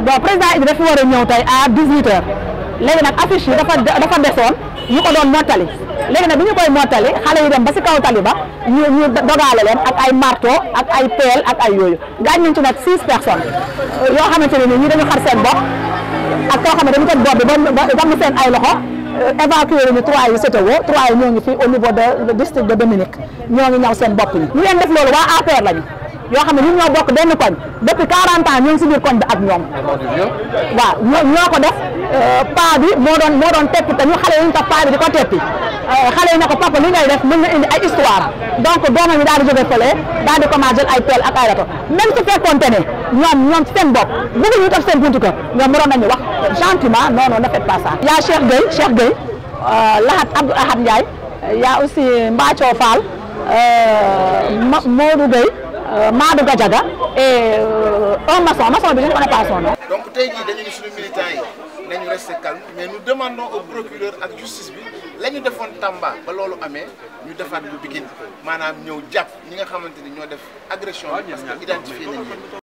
bon président Idy dafa war a ñëw tey à 18h léegi nag affiche yi dafa dafa desoon ñu ko doon mottali léegi nag bi ñu koy mottali xale yi dem ba si kaw tali ba ñu ñu dogaale leen ak ay marto ak ay peel ak ay yooyu gaañ nañ ci nag six personnes yoo xamante ne nii ñi dañu xar seen bopp ak koo xam ne dañu toj bopp bi ba damm seen ay loxo euh, évacué nañu trois yi sotawoo trois yi ñoo ngi fii au niveau de district de Dominique ñoo ngi ñaw seen bopp yi ñu leen def loolu waa APR yoo xam ne ñun ñoo bokk benn koñ depuis 40 ans ñu ngi si biir koñ bi ak ñoom. waaw ñoo ñoo ko def euh, paa bi moo doon moo doon teppi te ñu xale yi ñu tax paa bi di ko teppi euh, xale yi ne ko papa li ngay def mën indi ay histoire donc doomam yi daal di jóge fële daal di commencé jël ay peel ak ay rato même su fekkoonte ñoom ñoom ci seen bopp bëgg ñu def seen buntu kër ñoom mënoon nañu wax gentiment non non ne faites pas ça. yaa Cheikh Gueye Cheikh Gueye euh, Lahat Abdou Ahad Ndiaye yaa aussi Mbathio Fall Modou Gueye. Euh, Maadou Gadiaga et euh, un maçon maçon bi je ne connais pas son nom. donc tey jii dañu ne suñu militants yi nañu rester calme mais nous demandons au procureur ak justice bi la ñu defoon Tamba ba loolu amee ñu defaat bu Pikine maanaam ñëw jàpp ñi nga xamante ni ñoo def agression bi parce que identifié